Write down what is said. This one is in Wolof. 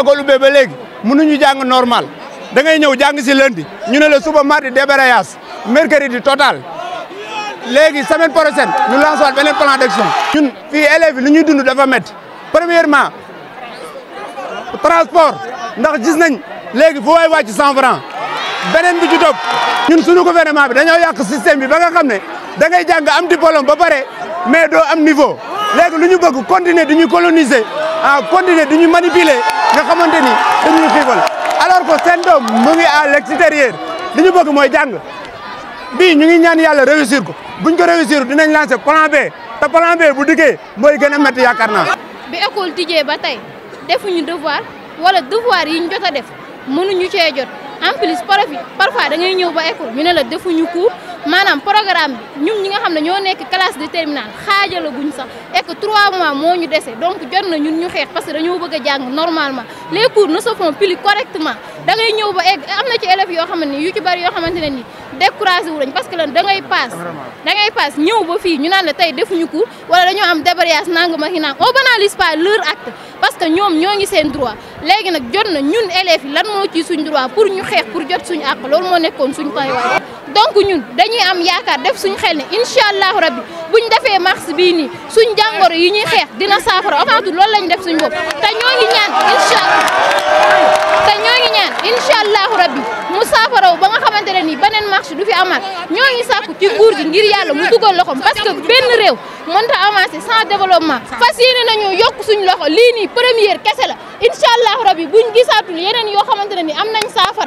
école ubbee ba léegi mënuñu jàng normal da ngay ñëw jàng si lundi ñu ne la suba mardi débrayage mercredi total léegi semaine prochaine ñu lancé waat beneen plan d'action. ñun fii élèves yi lu ñuy dund dafa métti premièrement transport ndax gis nañ léegi fu waay wàcc cent franc beneen bi ci topp ñun suñu gouvernement bi dañoo yàq système bi ba nga xam ne da jàng am diplôme ba pare mais doo am niveau léegi lu ñu bëgg continuer du ñu coloniser. ah continuer du ñu manipuler nga xamante ni dañuy xiifal alors que seen doom mu ngi à l'extérieur li ñu bëgg mooy jàng bii ñu ngi ñaan yàlla réussir ko buñ ko réussir dinañ lancer plan B te plan B bu dikkee mooy gën a métti yaakaar naa. bi école tijjee ba tey defuñu devoir wala devoir yi ñu jot a def mënuñu cee jot. en plus prof yi parfois da ñëw ba école ñu ne la defuñu cours maanaam programme bi ñun ñi nga xam ne ñoo nekk classe de terminale xaajala guñ sax et que 3 mois moo ñu dese donc jot na ñun ñu xeex parce que dañoo bëgg a jàng normalement les cours ne se font plus correctement ñëw ba egg am na ci yoo xamante ni yu bari yoo xamante ne ni découragé wu lañ parce que lan da ngay paas da ngay paas ñëw ba fii ñu naan la tey defuñu cours wala dañoo am débrayage nangam ak naan on banalise pas leur acte parce que ñoom ñoo ngi seen droit léegi nag jot na ñun élèves lan moo ci suñ droit pour ñu xeex pour jot suñ àq loolu moo nekkoon suñ taxawaay donc ñun dañuy am yaakaar def suñ xel ne incha allahu rabbi ñu defee mars bii nii suñ jàngoro yi ñuy xeex dina saafara avant tout loolu lañ def suñ bopp te ñoo ñaan incha allah benn marche du fi amaat ñoo ngi sàkku ci nguur gi ngir yàlla mu dugal loxoom parce que benn réew mënta avancer sans développement fas yéene nañu yokk suñ loxo lii nii première kese la incha allah rabi buñ gisaatul yeneen yoo xamante ne ni am nañ saafara